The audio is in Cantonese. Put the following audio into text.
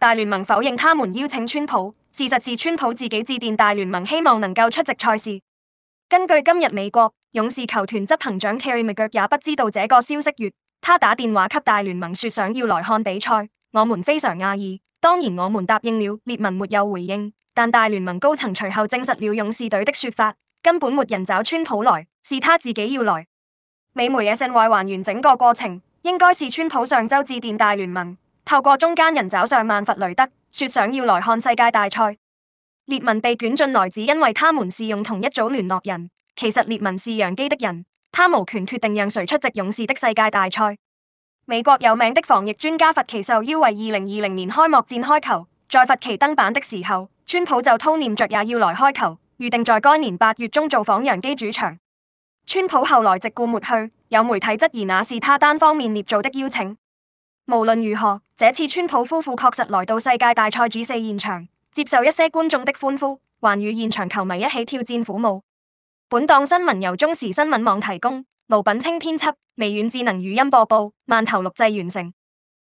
大聯盟否認他們邀請川普，事實是川普自己致電大聯盟，希望能夠出席賽事。根據今日美國，勇士球團執行長 Terry McGuirk 也不知道這個消息。月，他打電話給大聯盟說想要來看比賽，我們非常訝異，當然我們答應了。列文沒有回應，但大聯盟高層隨後證實了勇士隊的說法，根本沒人找川普來，是他自己要來。美媒也向外還原整個過程，應該是川普上週致電大聯盟。透過中間人找上曼佛雷德，說想要來看世界大賽。列文被捲進來只因為他們是用同一組聯絡人。其實列文是揚基的人，他無權決定讓誰出席勇士的世界大賽。美國有名的防疫專家佛奇受邀為2020年開幕戰開球，在佛奇登板的時候，川普就偷念着也要來開球，預定在該年八月中造訪揚基主場。川普後來直顧沒去，有媒體質疑那是他單方面捏造的邀請。無論如何，這次川普夫婦確實來到世界大賽主四現場，接受一些觀眾的歡呼，還與現場球迷一起跳戰舞舞。本檔新聞由中時新聞網提供，盧品清編輯，微軟智能語音播報，萬頭錄製完成。